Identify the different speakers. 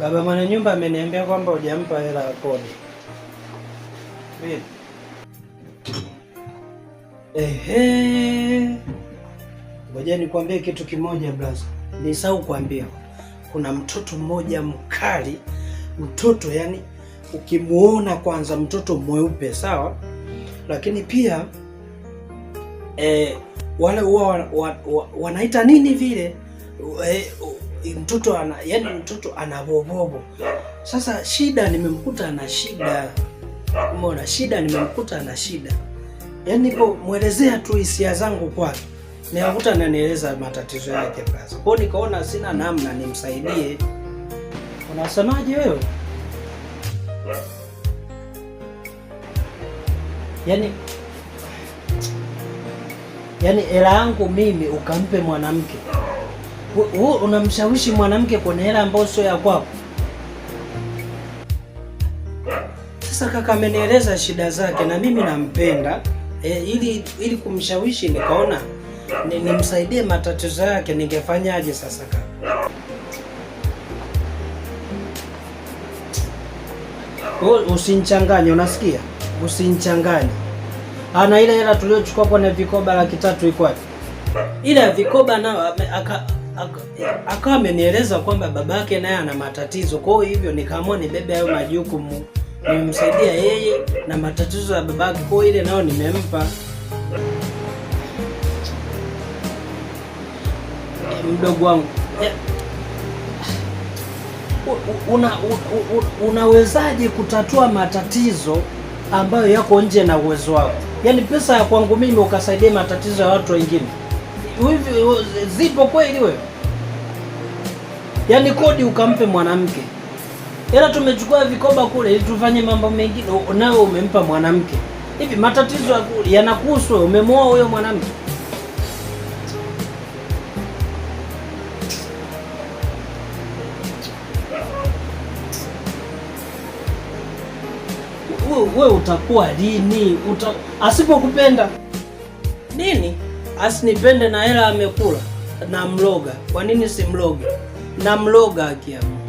Speaker 1: Baba mwenye nyumba ameniambia kwamba hujampa hela ya kodi. Ehe, ngoja nikwambie kitu kimoja blaza, nisahau kuambia, kuna mtoto mmoja mkali, mtoto yani ukimuona kwanza, mtoto mweupe sawa, lakini pia e, wale huwa wanaita nini vile e, mtoto ana yani mtoto ana bobobo. Sasa shida nimemkuta na shida, umeona, shida nimemkuta na shida, yani nipo mwelezea tu hisia zangu kwake niakuta ananieleza matatizo yake basi. Kwa nikaona sina namna nimsaidie. Unasemaje wewe? yani yani, hela yangu mimi ukampe mwanamke wewe unamshawishi mwanamke kwenye hela ambayo sio ya kwako. Sasa kaka amenieleza shida zake na mimi nampenda e, ili ili kumshawishi nikaona nimsaidie matatizo yake, ningefanyaje sasa kaka? Usinichanganye, unasikia? usinchanganye Ana ile hela tuliochukua kwenye vikoba laki tatu iko wapi? Ile vikoba nao aka akawa amenieleza kwamba babake naye ana matatizo, kwa hivyo nikaamua nibebe hayo majukumu nimemsaidia yeye na matatizo ya babake, kwa ile nayo nimempa. Mdogo wangu una, unawezaje kutatua matatizo ambayo yako nje na uwezo wako? Yaani pesa ya kwangu mimi ukasaidia matatizo ya watu wengine? zipo kweli wewe? Yaani kodi ukampe mwanamke, ila tumechukua vikoba kule ili tufanye mambo mengine, nawe umempa mwanamke. Hivi matatizo yanakuhusu wewe? Umemwoa huyo mwanamke? We utakuwa lini uta... asipokupenda nini? asinipende na hela amekula na mloga. Kwa nini simloge? Na mloga akiamua